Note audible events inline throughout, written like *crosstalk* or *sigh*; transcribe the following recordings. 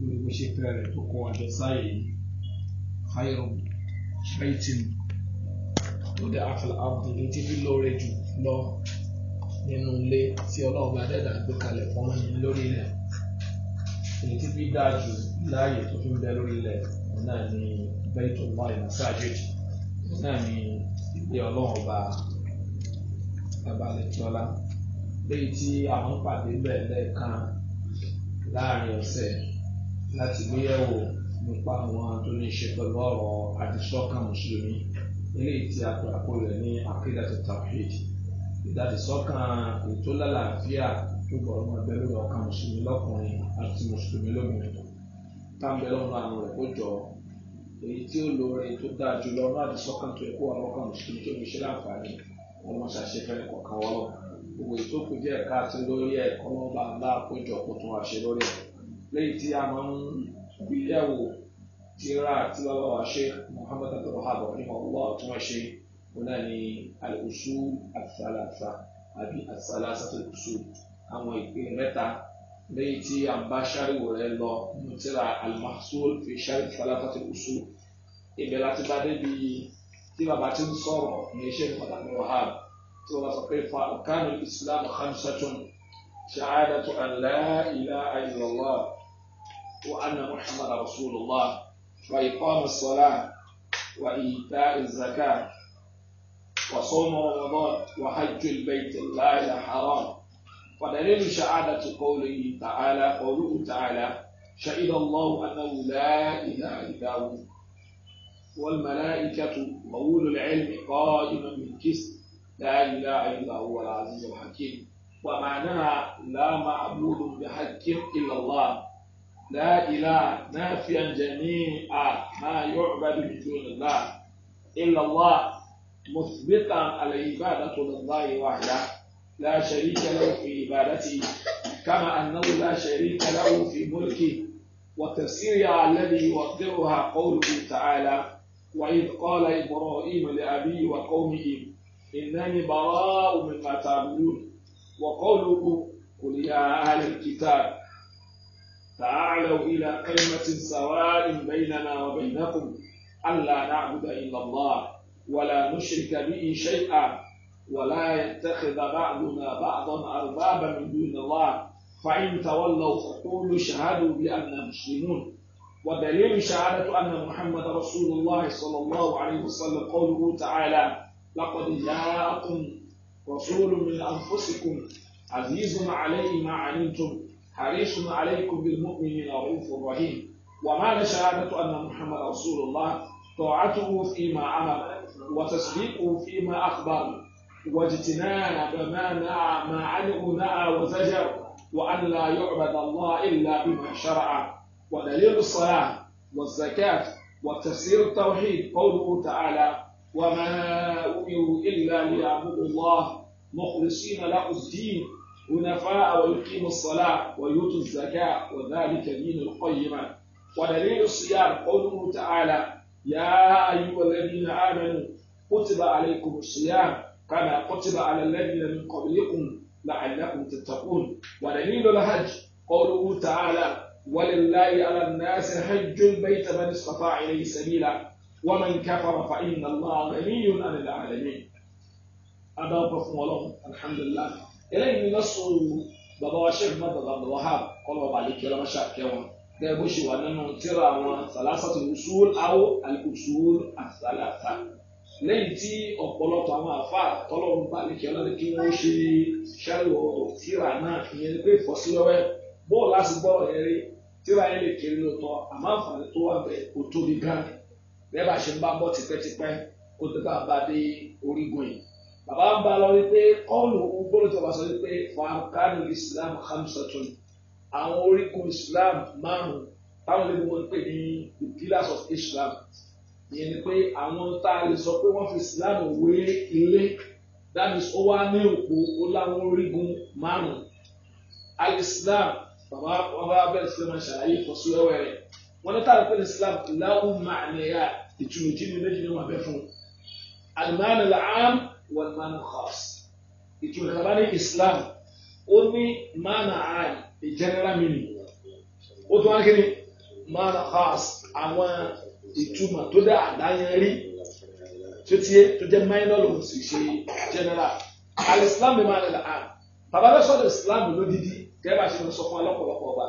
lórí bó ṣe fẹ́ rẹ̀ tó kó wọn jọ sáyé yìí khayru baitin tó dé afẹ́lá abdu ní ti fi lóore jù lọ nínú ilé tí ọlọ́run bá dẹ́dà gbé kalẹ̀ fún wọn ní lórí ilẹ̀ èyí tí fi dáa jù láàyè tó fi ń bẹ lórí ilẹ̀ náà ní Baitullah masajid náà ní ilé ọlọ́run ọba abalẹ̀tọ́lá léyìí tí àwọn pàdé bẹ̀ lẹ́ẹ̀kan láàrin ọ̀sẹ̀ láti gbéyẹ̀wò nípa àwọn tó ní ṣe pẹ̀lú ọ̀rọ̀ àdìsọ́kàn mùsùlùmí eléyìí tí a pè àkọlẹ̀ ní akédàtò tawhid ìdàdìsọ́kàn ètò lálàáfíà tó gbọ́dọ̀ máa bẹ lórí ọkàn mùsùlùmí lọ́kùnrin àti mùsùlùmí lóbìnrin táǹbẹ̀ lọ́nà àwọn rẹ̀ kó jọ èyí tí ó lo èyí tó dáa jùlọ ọ̀rọ̀ àdìsọ́kàn tó ẹ̀kọ́ àwọn ọkàn mùsùlùmí tó fi ṣe láǹfààní ọmọ ṣàṣefẹ́ kọ̀ọ̀kan wọ́n gbogbo ìtókù díẹ̀ káàtó lórí ẹ̀kọ́ lọ́ba ńlá àkójọ kó tún wá lórí ẹ̀kọ́ lẹ́yìn tí a máa ń gbé yẹ̀wò tíra tí bàbá wa ṣe Muhammad abdulwahab rahimahullah tí wọ́n ṣe wọn náà ní al-usul asalasa àbí asalasa tó kùsù àwọn ìpín mẹ́ta lẹ́yìn tí a bá ṣàríwò rẹ̀ lọ nínú tíra al-mahsul fi ṣàríwò asalasa tó kùsù ibẹ̀ láti bá débi tí bàbá ti ń sọ̀rọ̀ ní iṣẹ́ Muhammad abdulwahab tí wọ́n sọ pé fa ọ̀kánù islam khamsatun ṣáádàtú an la ilaha illallah. وأن محمد رسول الله وإقام الصلاة وإيتاء الزكاة وصوم رمضان وحج البيت الله الحرام ودليل شهادة قوله تعالى قوله تعالى شهد الله أنه لا إله إلا هو والملائكة وأولو العلم قائما بالقسط لا إله إلا هو العزيز الحكيم ومعناها لا معبود بحق إلا الله لا إله نافيا جميع ما يعبد من دون الله إلا الله مثبتا العبادة لله وحده لا شريك له في عبادته كما أنه لا شريك له في ملكه وتفسيرها الذي يوضحها قوله تعالى وإذ قال إبراهيم لأبي وقومه إنني براء مما تعبدون وقوله قل يا أهل الكتاب تعالوا إلى كلمة سواء بيننا وبينكم ألا نعبد إلا الله ولا نشرك به شيئا ولا يتخذ بعضنا بعضا أربابا من دون الله فإن تولوا فقولوا شهدوا بأننا مسلمون ودليل شهادة أن محمد رسول الله صلى الله عليه وسلم قوله تعالى لقد جاءكم رسول من أنفسكم عزيز عليه ما عنتم حريص عليكم بالمؤمنين رؤوف رحيم ومعنى شهادة أن محمد رسول الله طاعته فيما أمر وتصديقه فيما أخبر واجتناب ما نعى ما عنه نعى وزجر وأن لا يعبد الله إلا بما شرع ودليل الصلاة والزكاة وتفسير التوحيد قوله تعالى وما أمروا إلا ليعبدوا الله مخلصين له الدين حنفاء ويقيم الصلاة ويؤتوا الزكاة وذلك دين القيمة ودليل الصيام قوله تعالى يا أيها الذين آمنوا كتب عليكم الصيام كما كتب على الذين من قبلكم لعلكم تتقون ودليل الحج قوله تعالى ولله على الناس حج البيت من استطاع إليه سبيلا ومن كفر فإن الله غني عن العالمين أبا بفضل الحمد لله eléyìí ni lọ́sùn bàbá wa ṣẹ́gun má bàbá bàbá ha kọ́nà bàbá àlekí ọlọ́mọṣẹ́ àkẹ́ wọn gẹ́gẹ́ bó ṣe wà nínú tíra àwọn sàlásàtò usul awo al-usul àsàlàsà lẹ́yìn tí ọ̀pọ̀lọpọ̀ àwọn àfa tọ́lọ́run bá àlekí ọlọ́run kí wọ́n ṣe ṣàlùwọ̀ tíra náà ìyẹn ni pé ìfọ́síwẹ́wẹ́ bóòlù láti gbọ́ ẹ̀rí tíra yẹn lè kéré lóòótọ́ àmọ́ àǹfààní tó wà bẹ́ẹ̀ kó bàbá ń bá lọ wípé kọ́ọ̀lù gbọ́dọ̀ tí wọ́n bá sọ wípé fàákánù islam hamsatun àwọn orígun islam márùn táwọn olóyìnbó ń pè ní the pillars of islam ìyẹn ni pé àwọn tá a lè sọ pé wọ́n fi islam wé ilé that is ó wá ní òpó ó láwọn orígun márùn al-islam bàbá bàbá abẹ́rẹ́ sílẹ̀ máa ṣàlàyé ìfọ̀síwẹ́wẹ́ rẹ̀ wọ́n ní táwọn pẹ̀lú islam láwùn máa nìyà ìtumọ̀ ìjìnlẹ̀ méjì ni wọ́n abẹ́ fún un al-ma'na wal ma'na khas ìtumọ̀ ìtàbá ní islam ó ní ma'na àì the general meaning ó tún wá kiri ma'na khas àwọn ìtumọ̀ tó dá àdáyẹnrí tó tiẹ̀ tó jẹ́ minor lòun sì ṣe general al-islam bí ma'na al-am bàbá bẹ́ẹ̀ sọ̀rọ̀ islam lódìdí gẹ́gẹ́ bá ṣe ń sọ fún wa lọ́pọ̀lọpọ̀ ọba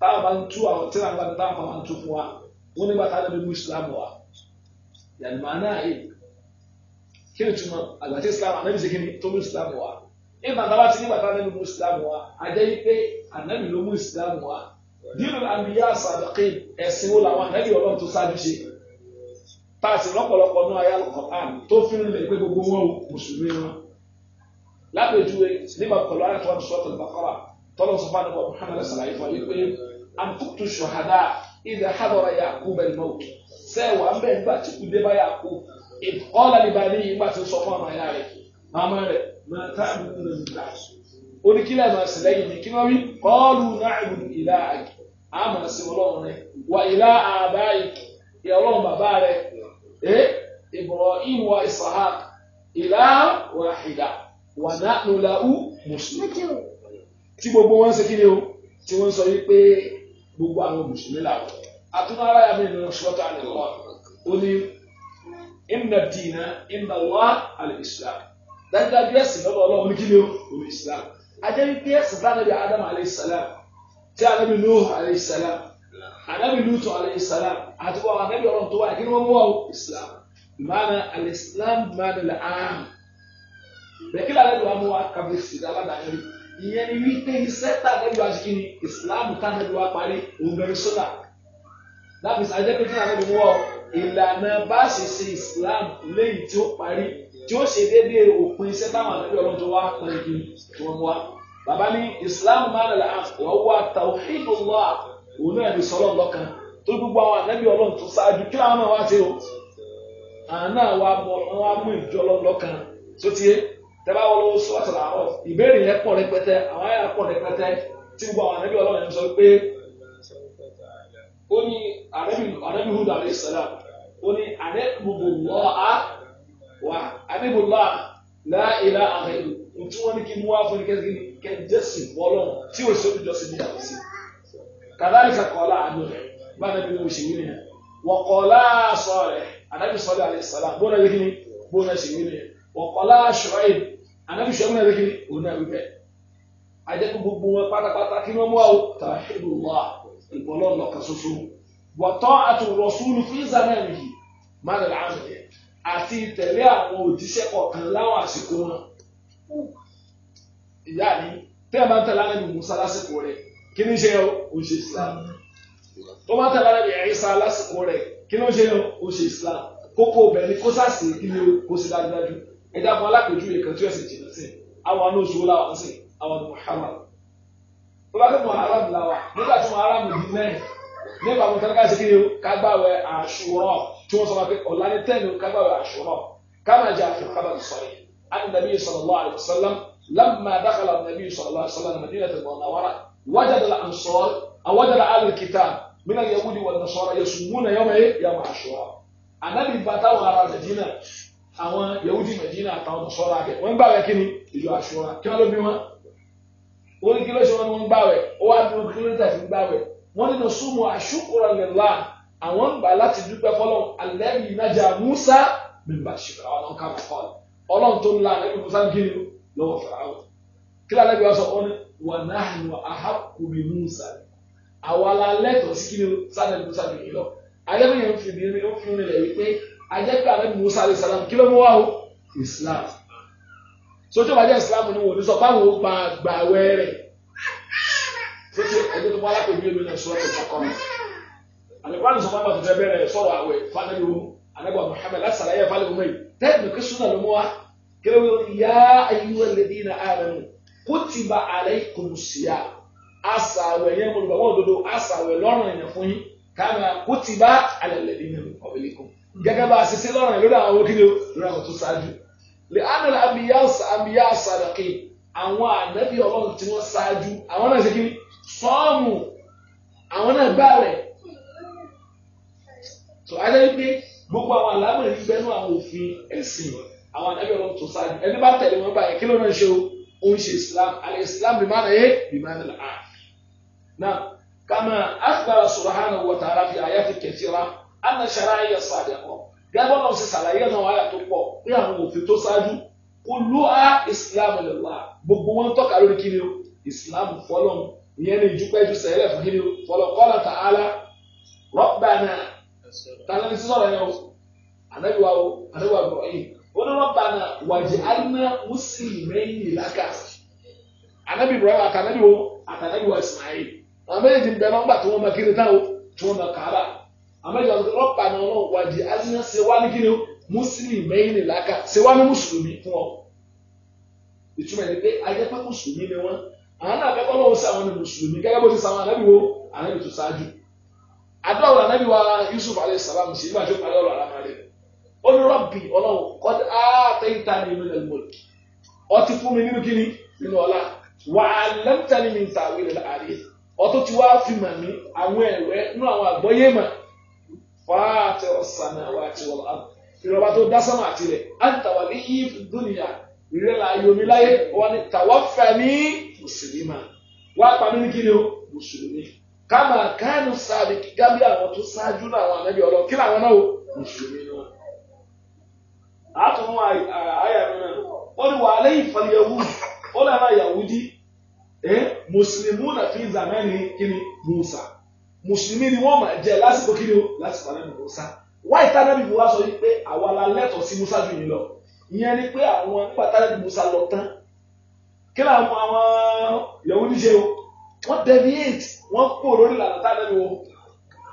táwọn bá ń tú àwọn tí wọn bá ń tú fún wa wọn nígbà táwọn bá islam wa yàrá ma'na àì kí ni túmọ̀ àgbàtí islam anabi ṣe kí ni tó mú islam wá nígbà tá a bá ti nígbà tá anabi mú islam wá a jẹ́ yí pé anabi ló mú islam wá dínú àmìyá sàdùkì ẹ̀sìn wo làwọn anabi ọlọ́run tó ṣáájú ṣe tá a sì lọ́pọ̀lọpọ̀ náà ayé alukọ̀án tó fi ń lè pé gbogbo wọn ò mùsùlùmí wọn lápèjúwe nígbà pẹ̀lú ayé tó wà ní sọ́ọ̀tù bàkọ́rà tọ́lọ́ sọ fún àdúgbò muhammed sàlàyé ọ ìbàdí yìí gbà ti ń sọ fún ọmọ ìyá rẹ̀ màmá rẹ̀ máa tá àbùkù náà ń gbà. ó ní kí lẹ́ẹ̀mà sí lẹ́yìn ní kí kọ́ọ̀lù náà ìlú ìlà àgì àmà sí ọlọ́run rẹ̀ wà ìlà àbá ìyàwó bàbá wa wà náà mùsùlùmí tí gbogbo wọn ń ni o tí sọ gbogbo àwọn mùsùlùmí làwọn nìkan ó ní inna dina inna Allah al-Islam dájúdájú ẹ̀sìn lọ́dọ̀ ọlọ́run ní kíni o ní islam ajẹ́ wípé ẹ̀sìn bá nàbí adam aleyhisselam tí anabi nuhu aleyhisselam anabi lutu aleyhisselam àti wọn anabi ọlọ́run tó wà kí ni wọ́n mú wọn islam mana aleyhisselam mana lẹ́hàn bẹ́ẹ̀ kí ni anabi wa mú wa kábí sí dábà dàgbé ìyẹn ni wípé iṣẹ́ tá anabi wa ṣìkì islam tá anabi wa parí òun bẹ̀rẹ̀ sọ́dà láti sàjẹ́ pé kí ni anabi ìlànà bá ṣe ṣe Islam léyìí tí ó parí tí ó ṣe déédéé òpin iṣẹ́ táwọn àgbẹ̀bí ọlọ́run tó wá pọn igi tí wọ́n wá. bàbá ní Islam máa lọ àwọn ọwọ́ tawhidullah òun náà ní sọ́lọ́ lọ́kàn tó gbogbo àwọn àgbẹ̀bí ọlọ́run tó ṣáájú kí àwọn náà wá ṣe o. àwọn náà wá mú ìjọ lọ́kàn tó ti yé tẹ́lá wọn lọ́wọ́ sọ́ọ̀tì làárọ̀ ìbéèrè yẹn pọ̀ rẹpẹtẹ àwọn àyà pọ̀ rẹpẹtẹ tí gbogbo àwọn àgbẹ̀bí ọlọ́run yẹn sọ pé ó ní anabihudu alayhi salam ó ní anabudulọ́ha wa anabudulọ́ha láìlá àhẹ́lú ntí wọ́n ní kí mú wá fún kẹ́sìkì kẹ́jẹ́sì wọ́lọ́ tí o ṣe olùjọ́sìn ní àwọn sí kàdáyé kakọ́lá àánú rẹ̀ bá anabi ní oṣù yìí nìyẹn wọ́kọ́lá sọ̀rẹ̀ anabi sọ̀rẹ̀ alayhi salam bóna yìí ni bóna ṣe yìí nìyẹn wọ́kọ́lá ṣọ̀rẹ̀ anabi ṣọ̀rẹ̀ náà yìí ni òun náà wí bẹ́ẹ̀ gbogbo wọn pátápátá kí wọ́n mú àwọn tàhídùn wá ìbọ̀lọ́ lọ́kàn ṣoṣo wọ̀tọ́ àti rọ̀ṣúlù fún ìsàlẹ̀ yìí máàlẹ̀ láàmì àti ìtẹ̀lé àwọn òjíṣẹ́ kọ̀ọ̀kan láwọn àsìkò wọn. ìyá ni tẹ́ ẹ bá ń tẹ̀lé alẹ́ mi Musa lásìkò rẹ̀ kí ni ṣe o ṣe Islam tó bá tẹ̀lé alẹ́ mi Isa lásìkò rẹ̀ kí ni ṣe o ṣe Islam kókó bẹ́ẹ̀ ni kó sàṣì kí ni kó sì dájúdájú ẹ̀dá fún alápèjúwe kan tí ó sì jìnnà sí àwọn anú oṣù láwọn sí tó bá fẹ́ mọ aráàlú la wa nígbà tí mo aráàlú di mẹ́rin nígbà mo tẹ́lẹ̀ ká ṣe kíni o kágbáwẹ̀ àṣùrọ̀ tí wọ́n sọ ma pé ọ̀la ní tẹ́ni o kágbáwẹ̀ àṣùrọ̀ káma jẹ́ àfi kábà sọ̀rọ̀ ani nabi sallallahu alayhi wa sallam lamma dakala nabi sallallahu alayhi wa sallam madinata munawwara wajada la ansor awajada alu kitab mina yahudi wa nasara yasumuna yawma eh, yawma ashura anabi bata wa ara madina àwọn yahudi madina àtàwọn nasara akẹ wọn gbàgbé kíni ìjọ àṣùrọ̀ kí wọn ló bí wọn wọ́n ní kí ló ṣe wọn ni wọ́n gbà wẹ̀ ó wá dúró kí ló ń tàfi gbà wẹ̀ wọ́n nínú súnmù àṣùkúrọ̀ lẹ́la àwọn ń gbà láti dúpẹ́ fọlọ́ alẹ́bí ìnájà Musa bímbà ṣìkà ọlọ́run ká fọ́ ọlọ́run tó ń la alẹ́bí Musa ń kiri lọ́wọ́ fìràwọ̀ kí lálẹ́ bí wọ́n sọ ọ́n wà náà nù àhàkùbí Musa àwọn alẹ́tọ̀ sí kí ni sáré Musa lè lọ alẹ́bí yẹn ń fi ní ń fi ní lẹ̀ wípé ajẹ́pẹ́ alẹ́bí Musa alayhi salam kí ló mú wá o Islam sotí ọba jẹ́ ìsìlámù ni wọ́n ní sọ fáwọn ó gba gbàwẹ́ rẹ̀ sotí ẹni tó bọ́lá pẹ̀lú èmi náà sọ́ọ́ tẹ̀sán kọ́nà àlẹ́kọ́ àti sọ́kọ́ àbàtúntà bẹ̀rẹ̀ sọ̀rọ̀ àwẹ̀ fanẹ́lú anagba Muhammad asàlàyé fanẹ́lú mẹ́yì tẹ́ẹ̀mì kí súnà ló mú wa kéré wíwọ́n yá ayélujára lẹ́dí iná ààrẹ kó ti ba àlẹ́ kòmùsíà asàwẹ̀ yẹn mo lùbọ̀ wọ́n dodo asàwẹ̀ lọ́rùn ẹ̀yàn fún yín lè ánàlà àmìyá sàdàkì àwọn ànábì ọlọ́run tí wọ́n ṣáájú àwọn náà ṣe kí sọ́ọ̀mù àwọn náà gbà rẹ̀ tó ajá wípé gbogbo àwọn àlámọ̀ yìí bẹ́ẹ̀ nú àwọn òfin ẹ̀sìn àwọn ànábì ọlọ́run tó ṣáájú ẹni bá tẹ̀lé wọn báyìí kí ló náà ṣe o ó ń ṣe Islam àlẹ́ Islam bí má nà bí má nà á nà kàmá akhbara subhanahu wa ta'ala fi ayati kathira anna sharaiya sadiqa gẹ́gẹ́ náà ṣe ṣàlàyé náà wáyà tó pọ̀ pé àwọn òfin tó ṣáájú kò ló á ìsìlámù lọ́la gbogbo wọn tọ́ka lórí kí ni o ìsìlámù fọlọ́n ìyẹn ní ìjúpẹ́jú sẹ́lẹ̀ fún kí ni o fọlọ́ kọ́lá ta'ala rọ́bànà tààlà ní sísọ̀rọ̀ yẹn o ànábìwá o ànábìwá Ibrahim ó ní rọ́bànà wàjì àná mùsùlùmí làkà ànábì Ibrahim àtànábìwó àtànábìwá Ismail àwọn méjèèjì ń bẹ nọ́mbà tí wọ́n máa kiri táwọn tí wọ́n máa kàrà amẹ́jọ rọ́pà ni ọlọ́run wá di azina ṣe wá ní kíni o mùsùlùmí mẹ́yìn nìláka ṣe wá ní mùsùlùmí fún ọ. ìtumọ̀ ẹni pé ajẹ́pẹ́ mùsùlùmí ni wọ́n àwọn náà akẹ́kọ̀ọ́ lọ́wọ́ sí àwọn mùsùlùmí gẹ́gẹ́ bó ti sàwọn anábì wo anábì tó ṣáájú. adọ́rọ̀ anábì wa Yusuf alayhi salam sí ibà tó parí ọ̀rọ̀ alámàlẹ́ onírọ́bì ọlọ́run kọ́d àtẹ̀yìntà ni mi lẹ́nu mọ́lì ọtí fún mi nínú kíni nínú ọlá wà á lẹ́mtà ni mi ń ta àwọn ilẹ̀ fàtẹ ọsàn àwọn àti wọn àbọ ìrọba tó dá sánmà àti rẹ àǹtàwà ní yìí fún dúnìyà ìrẹ la yomi láyé wọn ni tàwọn fẹmí mùsùlùmí wà pàmí ní kíni o mùsùlùmí kámà kánú sáàbì kíkà bí àwọn tó ṣáájú náà àwọn ànábì ọlọ kí làwọn náà o mùsùlùmí náà. àtúnwò àyà mi náà ó ní wàhálà ìfọlẹ́wù ó làwọn Yahudi mùsùlùmí náà fi zàmẹ́ni kíni Musa mùsùlùmí ni wọ́n máa jẹ lásìkò kí ni o lásìkò àná nìkan sá wáyé tá nábì Musa sọ wípé àwa la lẹ́tọ̀ọ́ sí Musa jù yìí lọ ìyẹn ni pé àwọn nígbà tá nábì Musa lọ tán kí làwọn àwọn yòówù níṣe o wọ́n deviate wọ́n kó lórí lànà tá nábì wo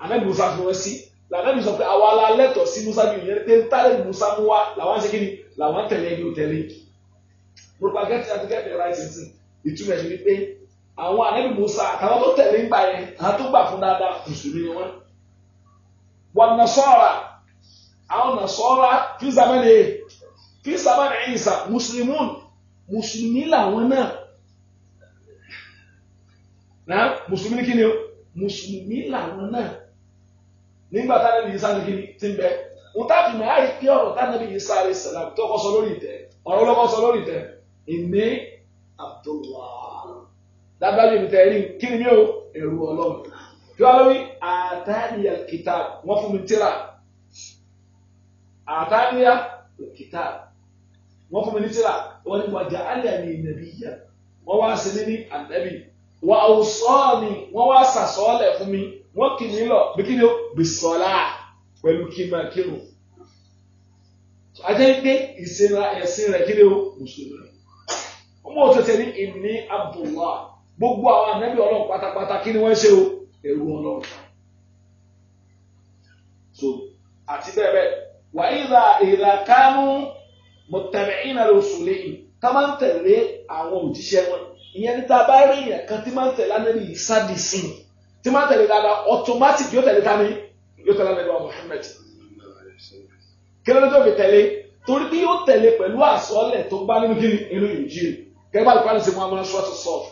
ànábì Musa fi wọ́n sí lànà mi sọ pé àwa la lẹ́tọ̀ọ́ sí Musa jù yìí pé tá nábì Musa mú wa làwọn ṣe kí ni làwọn tẹ̀lé ẹni ò tẹ̀lé propaganda ti àti àwọn ànábì Musa àtàwọn tó tẹ̀lé ń gbà yẹn àwọn tó gbà fún dáadáa mùsùlùmí ni wọ́n. wọn Nasara àwọn Nasara fi zamani fi zamani Isa mùsùlùmún mùsùlùmí làwọn náà na mùsùlùmí ni kí ni o mùsùlùmí làwọn náà nígbà tá nàbì Isa ni kí ni ti ń bẹ wọn tábìlì náà àyè pé ọ̀rọ̀ tá nàbì Isa alayhi salam tó kọ lórí ìtẹ́ ọ̀rọ̀ lọkọ lórí ìtẹ́ ìní Abdullah dábàájú mi tẹ̀lé kí ni mi ò ẹ̀rù ọlọ́run kí wọ́n lórí àtàníyà kìtà wọ́n fún mi tíra àtàníyà kìtà wọ́n fún mi ní tíra wọ́n ní wàjà alẹ́ mi nàbí yá wọ́n wá sí ní ànábì wà àwòsàn ni wọ́n wá sàsọ́ọ̀lẹ̀ fún mi wọ́n kì mí lọ bí kí ni ó bìsọ̀lá pẹ̀lú kí máa kírun ajẹ́ pé ìsinra ẹ̀sìn rẹ̀ kí ni ó mùsùlùmí ọmọ òtútù ní ìní Abdullah gbogbo àwọn ànábì ọlọ́run pátápátá kí ni wọ́n ṣe o ẹrú ọlọ́run. so àti bẹ́ẹ̀ bẹ́ẹ̀ wà ìlà ìlà kánú mọ̀tẹ̀mẹ̀ ìnà lọ́sùlẹ̀ yìí ká máa ń tẹ̀lé àwọn òjíṣẹ́ wọn ìyẹn níta bá rí èèyàn kan tí máa ń tẹ̀lé ànábì yìí sáàdì sí i tí máa ń tẹ̀lé dáadáa automatic yóò tẹ̀lé tani yóò tẹ̀lé ànábì wa Muhammad kí ló dé tó fi torí bí yóò tẹ̀lé pẹ̀lú àsọ̀ọ́lẹ̀ tó bá nínú kí inú ìjì gẹ́gẹ́ àti sèwọ́n amúnáṣọ́ àti sọ́ọ̀fù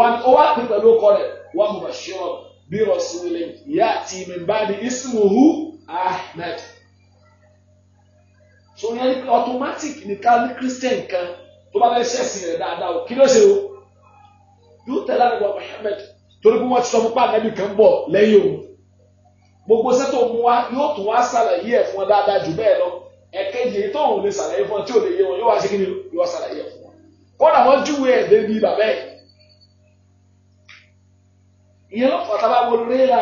ó wá pè pẹ̀lú ọkọ rẹ̀ wọ́n mú bàṣírọ̀ bí rọ̀sùlẹ̀ ìyá àti ìmìnbáni ismuhu ahmed. so yẹn automatic nìkan ní christian kan tó bá bẹ́ẹ̀ ṣẹ̀sìn rẹ̀ dáadáa o kí ló ṣe o yóò tẹ̀lé àgbà Muhammad torí pé wọ́n ti sọ fún pàǹdà bí kan bọ̀ lẹ́yìn òun gbogbo sẹ́tò mu wa yóò tún wá ṣàlàyé ẹ̀ fún ọ dáadáa jù bẹ́ẹ̀ lọ ẹ̀kẹ́jì èyí tó òun lè ṣàlàyé fún ọ tí ò lè yé wọn yóò wá ṣe kí ni yóò ṣàlàyé ẹ̀ fún ọ kódà wọ́n júwe ẹ̀ débi bàbá ẹ̀ ìyẹn ló fọ tábà wọlé rẹ́là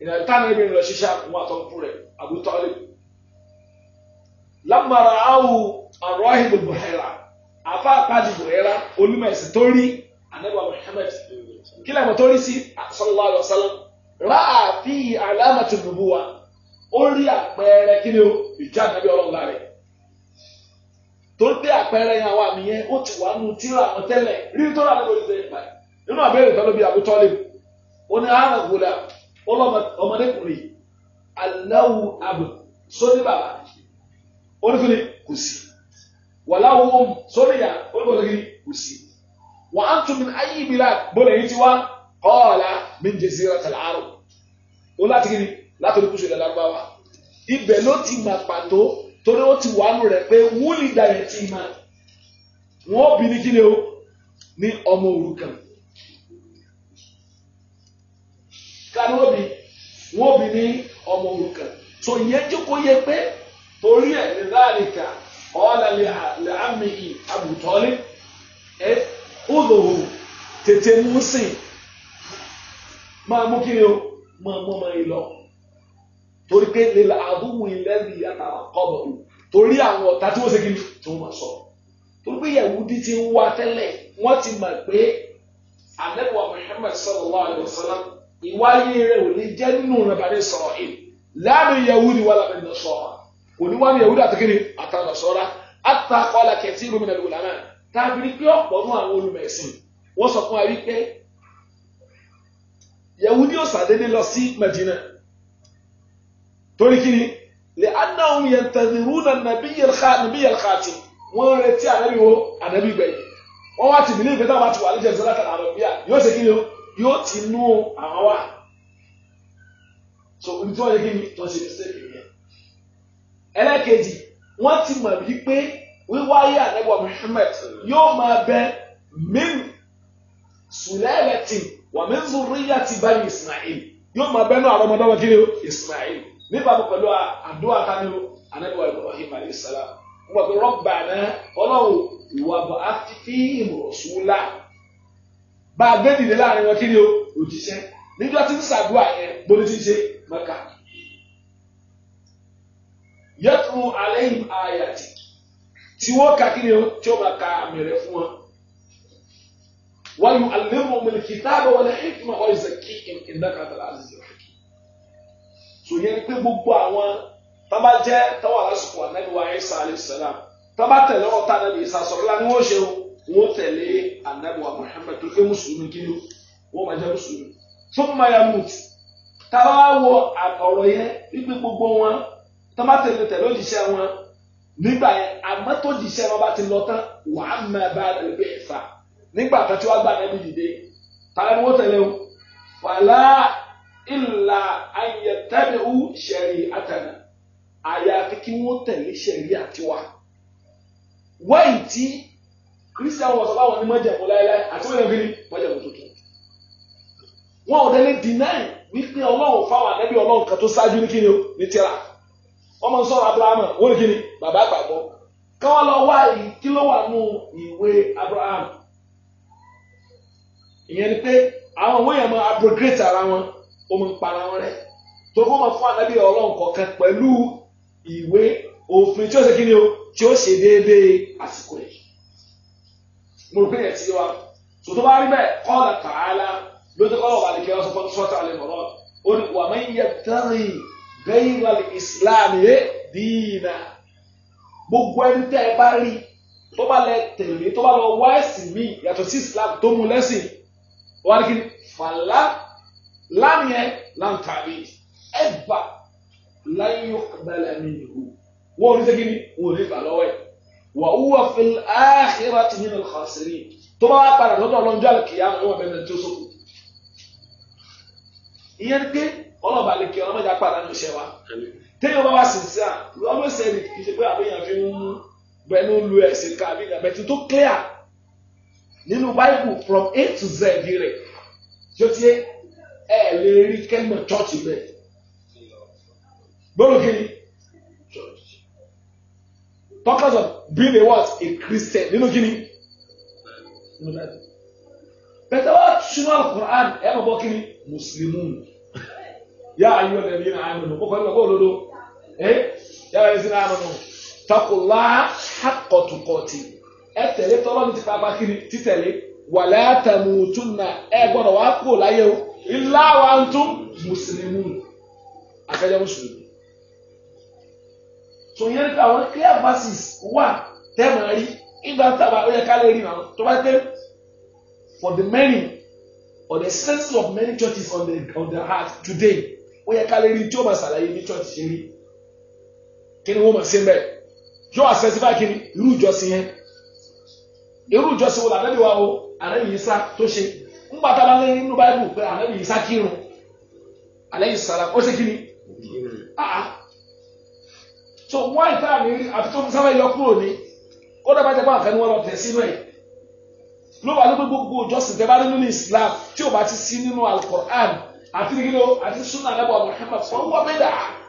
ìrìnàjò táwọn ẹbí rẹ̀ ṣiṣẹ́ àkùnwó àtọ́kù rẹ̀ àbútọ́lẹ̀. lámàrà áwù ọ̀rọ̀ ìbò bùhẹ́rà àfa àpáàdì bùhẹ́rà onímọ̀ ẹ̀sìn tó rí anábà Muhammad kí lẹ́mọ̀ tó rí sí sallallahu alaihi wasallam ráà fi àlámàtì nubuwa ó rí àpẹẹrẹ kí ni ìjà ànábì ọlọ́run lára tó dé àpẹẹrẹ yẹn àwọn àmì yẹn ó ti wà nù tíra àwọn tẹ́lẹ̀ rí tó rà lórí ìṣẹ̀lẹ̀ nínú àbẹ̀rẹ̀ tó lóbi ó ní ààrẹ gbọ́dọ̀ ọmọdékùnrin aláwo abù sóní bàbá onífìlẹ kò sí wàláwo ọmọ sóní yà onífìlẹ kò sí wà á tún min ayé ìbílà bọ́lá yìí ti wá kọ́ọ̀lá min jaziratil arab ó láti kiri látòrí kùsùn ìlẹ̀ lágbáwá ibẹ̀ ló ti mà pàtó torí ó ti wà nù rẹ̀ pé wúlì dàrẹ̀ ti mà wọ́n bí ní kí ni o ní ọmọ òrukàn. ká lóbi wọn ò bí ní ọmọ òrukàn tó yẹ jókòó yẹ pé torí ẹ̀ ní láàrínkà ọ̀ọ́lá lè àmì àbùtọ́lé ẹ ọlọ́wọ́ tètè mú máa mú kí ni o máa mú ọmọ yìí lọ torí pé lè àdúgbò àtàwọn kọ́bọ̀ torí àwọn ọ̀tá tí wọ́n ṣe kí ni tí torí pé ti ń wá tẹ́lẹ̀ wọ́n ti mọ̀ pé ìwáyé rẹ̀ ò ní jẹ́ nínú rẹ̀ bàdé sọ̀rọ̀ yìí láàrin yahudi wà lábẹ́ nọ̀sọ̀rọ̀ kò ní wá ní yahudi àtẹkẹ́ni àtànọ̀sọ̀rọ̀ àtàkọ́lá kẹtì lómìnà lòlá náà tábìlì pé ọ̀pọ̀ nù àwọn olùmẹ̀sìn wọ́n sọ fún wa wípé yahudi ò sàdédé lọ sí Madina torí kíni lè anáhùn yẹn tẹ̀síwú na nàbí yẹn xaati wọ́n retí ànábì wo ànábì gbẹ̀yìn wọ́n wá tìbílẹ̀ ìgbẹ́ta wá ti wà ní jẹ́ yóò ti nú àwọn wà so ibi tí wọ́n yẹ kí ni tó ṣe mistake yẹn ẹlẹ́kejì wọ́n ti mọ̀ wípé wíwáyé àdẹ́gbọ̀ Muhammad yóò máa bẹ min sùlẹ́ẹ̀lẹ́tì wà min zurriyati bani Ismail yóò máa bẹ náà àwọn ọmọdé wọn kí ni Ismail pẹ̀lú àdúrà kánú àdẹ́gbọ̀ Ibrahim alayhis salaam wọ́n pẹ̀lú rabbana ọlọ́run wà bọ̀ áfífí ìmọ̀ ọ̀ṣun bá a gbé dìde láàrin wọn kí ni o òjíṣẹ́ níjọ́ tí ń ṣàdúrà yẹn bóni ti ṣe mẹ́ka. yẹtù alẹ́yìn ayàtì tí wọ́n ka kí ni o tí ó máa ka àmìrẹ́ fún wọn. wọ́n yù alẹ́mọ̀ mẹ́lẹ̀ kìtàbọ̀ wọlé ẹ̀kìmọ̀ ọ̀rẹ́ zẹ̀kí ìdákàtà láti zẹ̀kí. sòyẹ́ pé gbogbo àwọn tábà jẹ́ alásùkò ànábìwá ẹ̀ṣà alẹ́ sẹ́lá tábà tẹ̀lé ọ̀tá ànábì ìsàsọ̀rọ̀ la ni wọ́n ṣe o wọ́n tẹ̀lé anabiwa muhammed tó fẹ́ mùsùlùmí kí ló wọ́n máa jẹ́ mùsùlùmí fún mayamut tábà wọ ọ̀rọ̀ yẹn wípé gbogbo wọn tábà tẹ̀lé tẹ̀lé òjíṣẹ́ wọn nígbà yẹn àmọ́ tó jíṣẹ́ wọn bá ti lọ tán wàá máa bá rẹ̀ bẹ́ẹ̀ fà nígbà tó ti wá gbà náà dìde tàbí wọ́n tẹ̀lé o fàlà ìlà ayẹ̀tẹ́bẹ̀wò ṣẹ̀rí àtàná àyàfi kí wọ́n tẹ̀lé ṣẹ̀rí àtiwá wáyìí tí christian wọn sọ pé àwọn ní májẹ̀mú láéláé àti wọn ní májẹ̀mú tuntun wọn ò délé deny wípé ọlọ́run fáwọn ànábì ọlọ́run kan tó ṣáájú ní kíni o ní tíra wọn máa ń sọ̀rọ̀ abrahamu wọn ní kíni bàbá àgbàgbọ́ káwọn lọ wá kí ló wà nù ìwé abrahamu ìyẹn ni pé àwọn òwe yẹn máa abrogate ara wọn ó máa ń para wọn rẹ tó kó máa fún ànábì ọlọ́run kọ̀ọ̀kan pẹ̀lú ìwé òfin tí ó ṣe kíni o tí ó ṣe déédéé àsìkò yìí mo rò pé yẹn ti yé wa tó tó bá rí bẹ́ẹ̀ kọ́ọ̀dà tààlà ló ti kọ́ọ̀dà wàlẹ̀ kí wọ́n sọ fún sọ́ọ̀tà lè mọ̀rọ̀ ó ní wà mí yẹ tẹ́rì gẹ́yìnrà islam yé dìínà gbogbo ẹni tẹ́ ẹ bá rí tó bá lẹ tẹ̀lé tó bá lọ wá ẹ̀sìn míì yàtọ̀ sí islam tó mú lẹ́sìn wọ́n á fàlà lánìyẹ láǹtàbí ẹ̀ bá láyé yóò bẹ̀rẹ̀ mi nìyó wọ́n ní sẹ́kí wọ́n ní gbà lọ́wọ́ yìí wà wúwà fil akhirati min al khasirin tó bá wà padà lọ́dọ̀ ọlọ́njọ́ àlùkìyà wọn wà bẹ́ẹ̀ tó sókò. ìyẹn pé ọlọ́ba àlùkìyà ọlọ́mọdé apàdà ní ìṣẹ́ wa téèyàn bá wà sísè à lọ́mọ sẹ́ni kì í ṣe pé àbẹ̀yàn fi ń bẹ̀ẹ́nu lu ẹ̀sìn ká àbí ìdàbẹ̀tì tó clear nínú báyìbù from a to z rẹ̀ tí ó ti ẹ̀ lè rí kẹ́mọ̀ chọ́ọ̀chì bẹ́ẹ̀ gbọ́dọ̀ kìíní purpose of being a what a Christian You know, nínú bible bẹtẹ wá sunu alukur'an ẹ bá bọ kíni muslimun yà á yọ ẹbí náà ànú nù kókò ẹ bá bọ òdodo ẹ yà á yẹ sí náà ànú nù takola hakọtukọti ẹ tẹ̀lé tọlọ ní ti pàápàá kíni títẹ̀lé wàlẹ́ tẹ̀mùtúnà ẹ gbọ́dọ̀ wá kúrò láyé o ilá wa ń tún muslimun akẹ́jọ́ mùsùlùmí so yẹn àwọn clear verses wà tẹ́ẹ̀mù rí nígbà tábà ó yẹ ká lè rí náà tó bá pé for the many or the senses of many churches on the on the heart today ó yẹ ká lè rí tí ó máa ṣàlàyé ní church ṣe rí kí ni wọ́n máa ṣe bẹ́ẹ̀ yóò àṣẹsífà kí ni irú ìjọsìn yẹn irú ìjọsìn wo làbẹ́bí wa o ànábì Ìsá tó ṣe ńgbà tábà ń lé nínú báyìí pé ànábì Ìsá kírun ànábì Ìsá ó ṣe kí ni so wọ́n àìtá mi àti tó ń sábà yọ kúrò ní ó dàbá jẹ́ pé àǹfẹ́ ni wọ́n lọ tẹ̀ sínú ẹ̀ ló wà lóko gbogbo ìjọsìn tẹ́ nínú ní Islam tí ò bá ti sí nínú Al-Qur'an àti nígbìlò àti sunna alábọ̀ Muhammad wọ́n wọ́n bẹ́ẹ̀ dà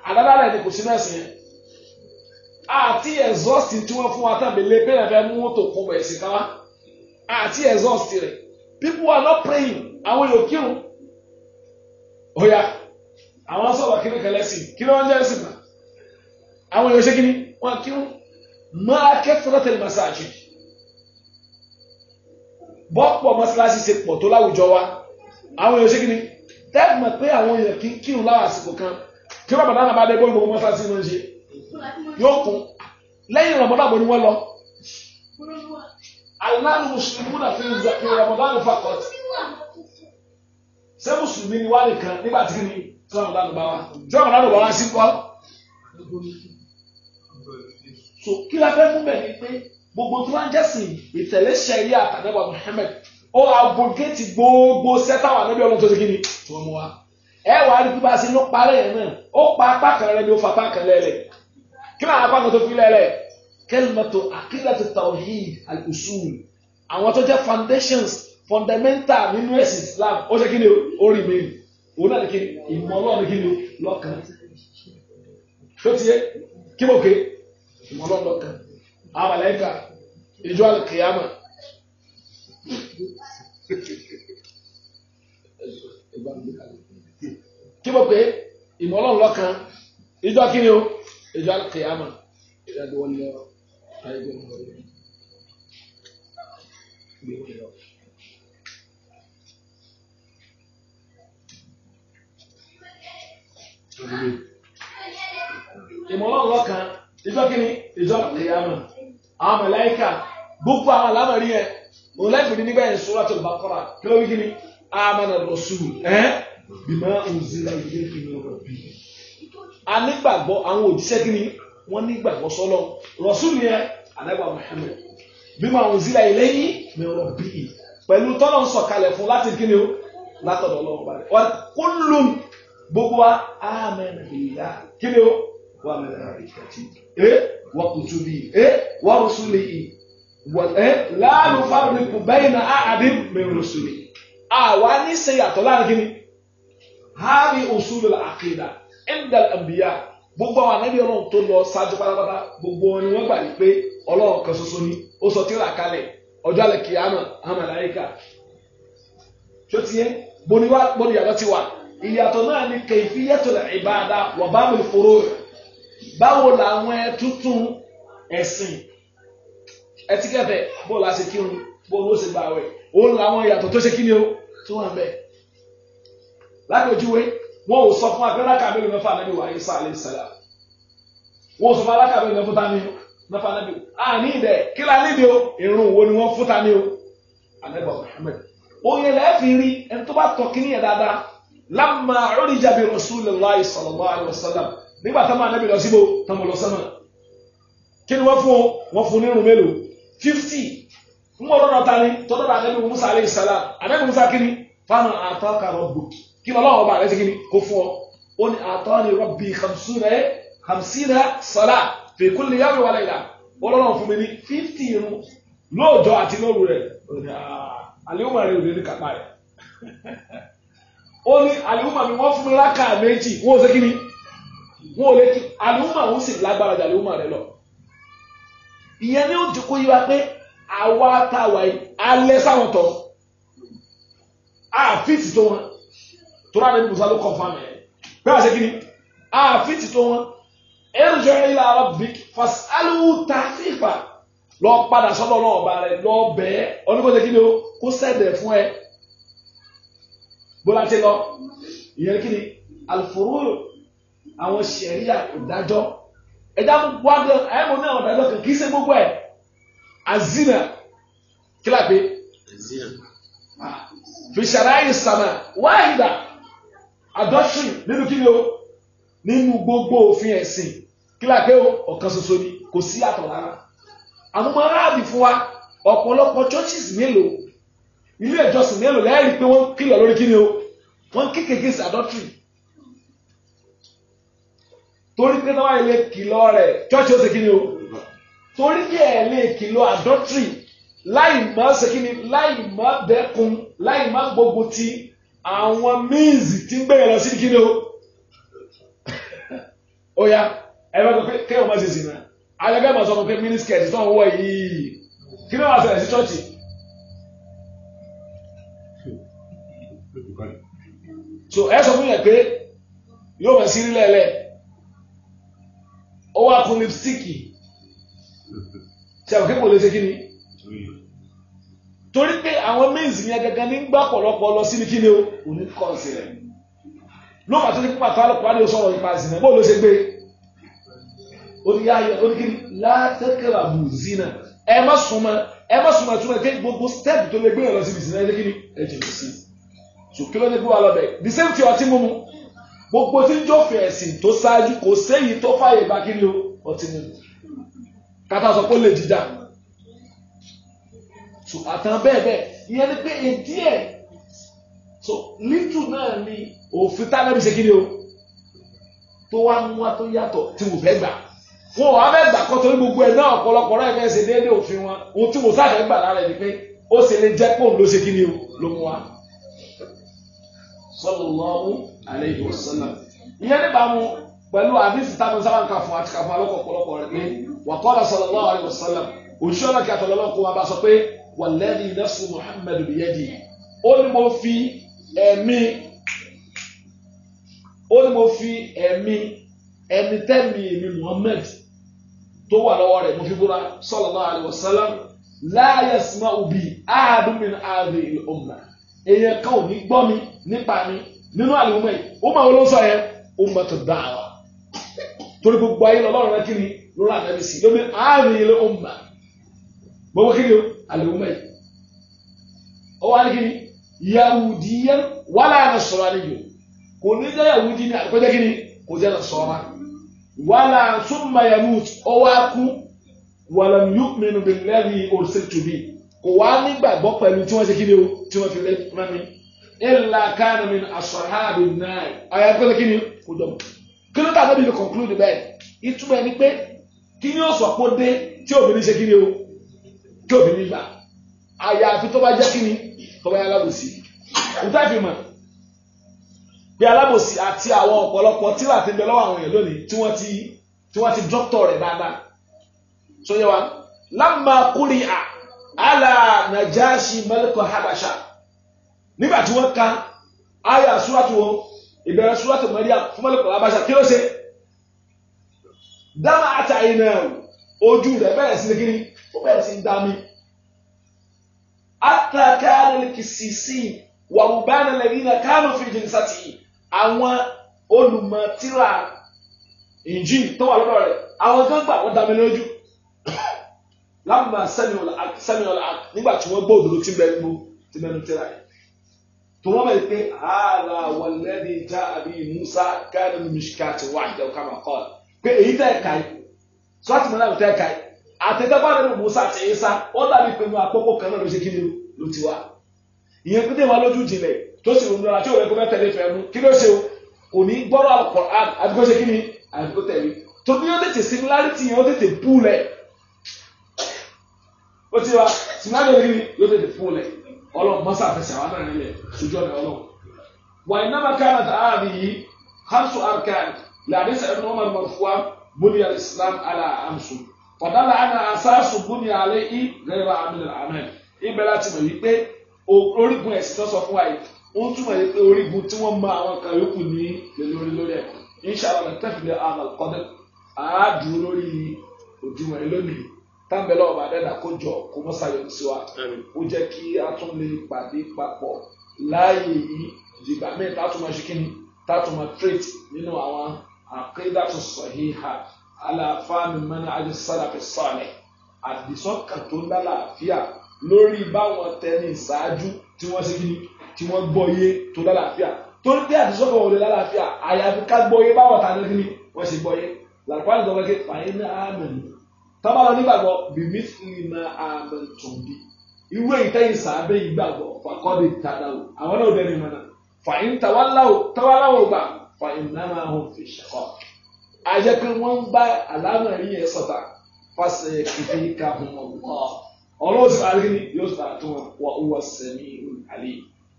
àdáda rẹ̀ ni kò sí náà sìn àti exhaust tí wọ́n fún wa tàbí lé pé ẹ̀fẹ́ mú tó kó bẹ̀ sí káwá àti exhaust rẹ̀ people are not praying àwọn yóò kírun ó yá àwọn sọ̀rọ̀ kí ni kẹlẹ́sìn kí ni wọ́n jẹ́ ẹ̀sìn náà àwọn èèyàn ṣe kí ni wọ́n kí wọ́n máa kẹ́fọ́nà tẹ̀lé masáàjì bọ́pọ̀ mọ́sálásí ṣe pọ̀ tó láwùjọ wa àwọn èèyàn ṣe kí ni tẹ́gbọ̀n pé àwọn èèyàn kí kírun láwọn àsìkò kan kí wọ́n bàtà náà bá gbogbo mọ́sálásí náà ṣe yóò kún lẹ́yìn rọ̀mọ́dà bó ni wọ́n lọ aláàrùn mùsùlùmí náà fi ń zọ pé ramadan fakọt ṣé mùsùlùmí ni wà nìkan nígbà tí kìíní ramadan bá wa ramadan bá wa so kí la fẹ́ fún bẹ́ẹ̀ ni pé gbogbo tí wọ́n ń jẹ́sìn ìtẹ̀lé sẹ́rí àtàdébà Muhammad ó abogéètì gbogbo sẹ́tàwà níbi ọlọ́run tó ti kíni tí wọ́n mú wa ẹ wà á rí bí bá a ṣe ló parẹ́ yẹn náà ó pa apá kan rẹ ni ó fa apá kan lẹ́lẹ̀ kí ni àwọn apá kan tó fi lẹ́lẹ̀ kẹ́lìmọ́tò àkídàtì tawhid al àwọn tó jẹ́ foundations fundamental nínú ẹ̀sìn Islam ó ṣe kí ni orí mi òun náà ni kí ni ìmọ̀ ọlọ́run kí ni lọ́kàn tó ti yẹ kí mo kéé ìmọ̀lọ́lọ́kan àwọn màláíkà ìjọ àlùkìyàmà kí mo pé ìmọ̀lọ́lọ́kan ìjọ kí ni o ìjọ àlùkìyàmà ìdájọ́ wọn lọ ayégbé wọn lọ gbé wọn ìjọ kìíní ìjọ àlẹyàmà àwọn màláíkà gbogbo àwọn alámàrí yẹn òun láì fìdí nígbà yẹn Suratul Baqara kí ló wí kìíní amana rasul ẹ bima unzila ilayhi min rabbi a nígbàgbọ́ àwọn òjíṣẹ́ kìíní wọ́n nígbàgbọ́ sọ́lọ́ rasul yẹn alágbà Muhammad bima unzila ilayhi min rabbi pẹ̀lú tọ́lọ́ ń sọ̀kalẹ̀ fún láti kí ni látọ̀dọ̀ lọ́wọ́ bá gbogbo wa amẹ́nà ìyá kí ni ó wà mẹ́rin àríkàtì وكتبه ورسله لا نفرق بين أحد من رسله àwa ní ṣe yàtọ̀ láàrin kí ni hàbí usulul àkìdá indal anbiya gbogbo àwọn anábì ọlọ́run tó lọ ṣáájú pátápátá gbogbo wọn ni wọ́n gbà pé ọlọ́run kan ṣoṣo ni ó sọ tírà kalẹ̀ ọjọ́ àlẹ́ kìámà amàláyíkà tó ti yẹ bóni yàtọ̀ ti wà ìyàtọ̀ náà ni kayfiyatul ibada wa babul furu' báwo làwọn ẹtútún ẹ̀sìn ẹtíkẹ́tẹ̀ bóòlù àti kírun bóòlù ó sì gbà wẹ̀ òun làwọn ìyàtọ̀ tó ṣe kí ni o tó wà bẹ́ẹ̀. lágbèjúwe wọn ò sọ fún abẹ́rẹ́ akábẹ́lú mẹ́fà nàbí wà ayé sáà alayhi salam wọn ò sọ fún alákàbẹ́lú mẹ́fà tani o mẹ́fà nàbí o àní ìdẹ kílá níbi o irun wo ni wọ́n fún tani o anabi Muhammad oyin lẹ́ẹ̀fì rí ẹni tó bá tọ̀ kí yẹn dáadáa lamma urija nígbà tá máa nẹ́bí lọ síbò tán mo lọ sánmà kí ni wọ́n fún o fún nírun mélòó fifty ń bọ̀ lọ́dọ̀ ta ni tọ́dọ̀ ta nẹ́bí musa aleyhi salam anẹ́bí musa kí ni fáwọn àtọ́ka rọ̀bù kí ni ọlọ́wọ́ bá rẹ̀ sí kí ni kó fún ọ ó ní àtọ́ ni rọ̀bì hamsúnà ẹ̀ hamsínà sọlá fèkú ni yàrá wà lẹ́yìn ọlọ́run fún mi ní fifty irun lóòjọ́ àti lóru rẹ̀ ah, àlẹ́wọ̀n rẹ̀ ò ní kápá rẹ̀ *laughs* ó ní àlẹ́wọ̀n mi wọ́n ni wọn ò lè ti àlùmọ̀ òun sì lágbára jà àlùmọ̀ rẹ lọ. ìyẹn ni ó dùkú yí wa pé àwa tá a wà yìí alẹ́ sáwọn tọ̀ àfíìsì tó wọn tó rà ní musa ló kọ̀ fún àmì ẹ̀ bẹ́ẹ̀ wá sí kí ni àfíìsì tó wọn ẹ̀rùjọ ilẹ̀ arabic fasalu tafifa lọ padà sọ́dọ̀ náà ọba rẹ lọ bẹ́ẹ̀ oníkóso kí ni o kó sẹ́dẹ̀ fún ẹ bó láti lọ ìyẹn kí ni alufuru àwọn sẹ̀ríà ìdájọ́ ẹ̀dá gbogbo àgbẹ̀ ẹ̀mọ́ náà ọ̀dájọ́ kan kì í ṣe gbogbo ẹ̀ azina kílàpé fìṣàráyè sàmà wáyìdà adọ́tírì nínú kí ni o nínú gbogbo òfin ẹ̀sìn kílàpé o ọ̀kan ṣoṣo ni kò sí àtọ̀ rárá àwọn ọmọ aráàlú fún wa ọ̀pọ̀lọpọ̀ churches mélòó ilé ìjọsìn mélòó lẹ́yìn pé wọ́n kìlọ̀ lórí kí ni o wọ́n kékeré sí adọ́tírì torí pé táwọn ilé kìlọ̀ rẹ̀ church ó ṣe ni o torí pé ẹ̀ lè kìlọ̀ adultery láì má ṣe kí ni láì má dẹ́kun láì má gbógun ti àwọn means tí ń gbẹ̀yẹ̀ lọ sí kí ni o *laughs* ó yá ẹ bá gbọ́ pé kéèyàn má ṣe sìn náà alẹ́gbẹ́ mọ̀ sọ fún pé mínísítẹ̀ ti tọ́ wọ́ yìí kí ló wà ṣẹlẹ̀ sí ṣọ́ọ̀ṣì. so ẹ sọ fún yẹn pé yóò mọ̀ sí rí lẹ́lẹ́ ó wá kun lipstíìkì tí àwọn kékeré lè ṣe ni torí pé àwọn mẹ́ǹsì yẹn gangan ní gbà pọ̀lọpọ̀ lọ sí ní kí ni o ò ní kọ́ sí rẹ̀ ló bàtú ní pàtó alùpùpù àdéhùn sọ̀rọ̀ nípa ìsìn náà bó ló ṣe gbé oníyáyọ oníkiri látẹ́kẹ̀rẹ̀ àbù zina ẹ má súnmọ́ ẹ má súnmọ́ ẹ túnmọ̀ ẹ gbogbo step tó lè gbé yàn lọ sí ìsìn ẹ ṣe ni ẹ lọ sí so kí ló ní kí wà lọ bẹ̀ the same thing ọtí mímu gbogbo tí ń jọ́fin ẹ̀sìn tó ṣáájú kò séyìí tó fàyè gba kí ni o ọtí ni kátà sọ pé ó lè jíjà so àtàn bẹ́ẹ̀ bẹ́ẹ̀ ìyẹn ni pé èdí ẹ̀ so lítù náà ni òfin tálẹ́bí ṣe kí ni o tó wá mú wa tó yàtọ̀ tí mo fẹ́ gbà wọn ò wá fẹ́ gbà kọ́tọ́ ní gbogbo ẹ̀ náà ọ̀pọ̀lọpọ̀ náà fẹ́ ṣe déédéé òfin wọn ohun tí mo sáfẹ́ gbà lára ẹ̀ ni pé ó ṣe lè jẹ́ pòun ló ṣe kí ni o ló mú wa sallallahu alayhi wa sallam ìyẹn ní bámu pẹ̀lú àdìsí táwọn sábà ń kà fún àti kà fún alọ́kọ̀ ọ̀pọ̀lọpọ̀ rẹ̀ pé wa qala sallallahu alayhi wa sallam òṣìṣẹ́ ọ̀nà kí àtọ̀lọ́lọ́kọ̀ wa bá sọ pé walladhi nafsu Muhammadu biyadi ó ní mo fi ẹ̀mí ó ní mo fi ẹ̀mí ẹni tẹ́mi èmi Muhammad tó wà lọ́wọ́ rẹ̀ mo fi búra sallallahu wa sallam la yasma'u bi ahadun min hadhihi èèyàn kan ò ní gbọ́ mi nípa mi nínú àlùmọ́ yìí ó máa ló ń sọ yẹn ó mọ̀ tó dá wa torí gbogbo ayé lọ́lọ́run rẹ kiri lórí àdáni sí lómi àárín ilé ó mà gbogbo kiri o àlùmọ́ yìí ó wá ní kiri yahudi yẹn wàhálà àná sọ̀rọ̀ àníjò kò ní jẹ́ yahudi ní àkọ́jẹ́ kiri kò jẹ́ àná sọ̀rọ̀ wàhálà súnmọ́ yahudi ọwọ́ akú wàhálà yóò mẹ́nu bẹ̀rẹ̀ lẹ́yìn òrìṣẹ́ tòbí kò wá nígbàgbọ́ pẹ̀lú tí wọ́n ṣe kíni o tí wọ́n fi lé mami ilà kánú mi asọ̀hábì náà ọ̀yà pẹ̀lú kíni kò jọ kí ló tàbí ibi conclude bẹ́ẹ̀ ìtumọ̀ ẹni pé kí ni ó sọ pé ó dé tí obìnrin ṣe kíni o tí obìnrin gbà àyàfi tó bá jẹ́ kíni tó bá yẹ alábòsí ìta ìfìmọ̀ bí alábòsí àti àwọn ọ̀pọ̀lọpọ̀ tí láti bẹ lọ́wọ́ àwọn èèyàn lónìí tí wọ́n ti tí wọ́n ti ala najashi malik habasha nígbà tí wọ́n ka aya suratu wọn ìbẹ̀rẹ̀ suratu mariam fún malik habasha kí ló ṣe dáma àtàyè náà ojú rẹ̀ bẹ̀rẹ̀ sí kiri ó bẹ̀rẹ̀ sí dami atakari kìsìsì wàhùbáni lẹ́yìn kánú fi jìnnìsàtì àwọn olùmọ̀tìrà ìjì tó wà lọ́dọ̀ rẹ̀ àwọn kan gbà dami lójú lámà samuel ak samuel ak nígbà tí wọ́n gbọ́ òdodo tí bẹ́ẹ̀ mú tí bẹ́ẹ̀ tẹ́ra yìí tó wọ́n bẹ̀rẹ̀ pé ààrà wàlẹ́dì já àbí musa káàdì mishkati wáhìdá kama kọ́ pé èyí tẹ́ ẹ̀ka yìí sọ àti mọ́lá tẹ́ ẹ̀ka yìí àtẹ̀tẹ̀bá rẹ̀ musa àti isa ó dàbí pé mu àkókò kan náà ló ṣe kíni ló ti wá ìyẹn pété wa lójú jìnlẹ̀ tó sì rún lọ́la tí òun ẹ̀kọ́ mẹ́tẹ̀lé fẹ́ mú kí ló ṣe o kò ní gbọ́rọ̀ Al-Qur'an àdúgbò ṣe kíni àdúgbò tẹ̀lé tó ní ó tètè similarity yẹn ó tètè bú lẹ̀ ó ti wá sinadé mi ni yóò tètè fún un lẹ ọlọ́run mọ́sá àfẹsẹ̀ àwọn náà nílẹ̀ sojú ọ̀nà ọlọ́run wà iná máa kára tá a bì yí hamsu arkan làdé sẹ́yìn ní ọmọdé mọ̀fúwa bóni al islam ala hamsu ọ̀dà làánà asáàsù bóni alẹ́ i rẹ́rà amílẹ̀ amẹ́ ibẹ̀ láti mọ̀ wípé orígun ẹ̀sìn tó sọ fún wa yìí ó ń túmọ̀ wípé orígun tí wọ́n mọ àwọn kan yòókù ní lórí lórí ẹ̀ inṣàlá tẹ́fìlẹ̀ àmàlùkọ́dẹ̀ àádùn lórí òdiwọ̀n lónìí tábìlì ọba dẹ́dà kó jọ kó mọ́ sáyọ̀ sí wa ó jẹ́ kí a tún lè pàdé papọ̀ láàyè yìí ìdìgbà míì tátùmọ̀ máa ṣe kí ni tátùmọ̀ máa trait nínú àwọn àkéédàtú sọ̀híhà aláfáàmì mẹ́rin àti sálàfẹ́ sọ̀lẹ̀ àdìsọ́kàn tó lálàáfíà lórí báwọn tẹni ìṣáájú tí wọ́n ṣe kí ni tí wọ́n gbọ́yé tó lálàáfíà torí pé àdìsọ́kàn wọlé lálàáfíà àyàfi ká gbọ́yé báwọn tàbí kí ni wọ́n ṣe gbọ́yé làkúrò àdìsọ́kàn kí fàyín náà àmì tábà lọ nígbàgbọ́ bìbí sinmi na àmì tòbi irú èyí tẹ́yìn sàbẹ̀ yìí gbàgbọ́ fàkọ́dé tàdá o àwọn náà dẹ́nu ìmọ̀ náà fàyín tàwáláwò gbà fàyín náà hàn fi ṣẹ̀kọ́ àjẹ́ pé wọ́n ń bá àlámà rí yẹn sọ̀tà fàṣẹ kìfì ká hùn ọ̀ ọlọ́run sì parí ni yóò sọ̀tà tó wà ó wà sẹ́mi àlè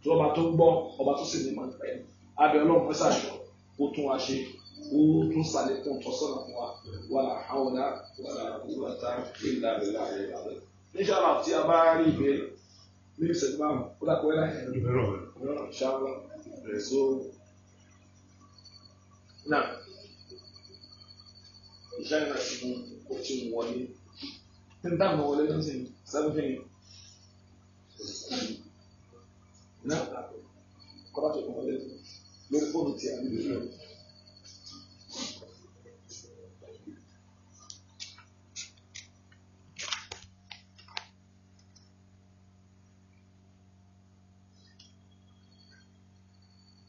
tó ọba tó ń gbọ́ ọba tó sì ní mọ̀ pẹ́ abẹ́ ọlọ́run fẹ́ sàṣọ ó tún wá ṣe é ó tún sàlékún tọ́sọ́nà fún wa wàlà àwòdà wàlà àwòdà ìlà ìlà ìlà rẹ̀. níṣàlá tí a bá rí ìbéèrè ní ìṣẹ́jú márùn-ún ó dàpọ̀ ẹ̀rọ ẹ̀rọ ẹ̀rọ ṣáàbọ̀ rẹ̀ so. náà ìṣáyìn náà ti mú ó ti mú wọlé ní dáàmú wọlé ní sìn sẹ́fìn náà kọ́lá tó kọ́ wọlé lórí fóònù tí a ní lórí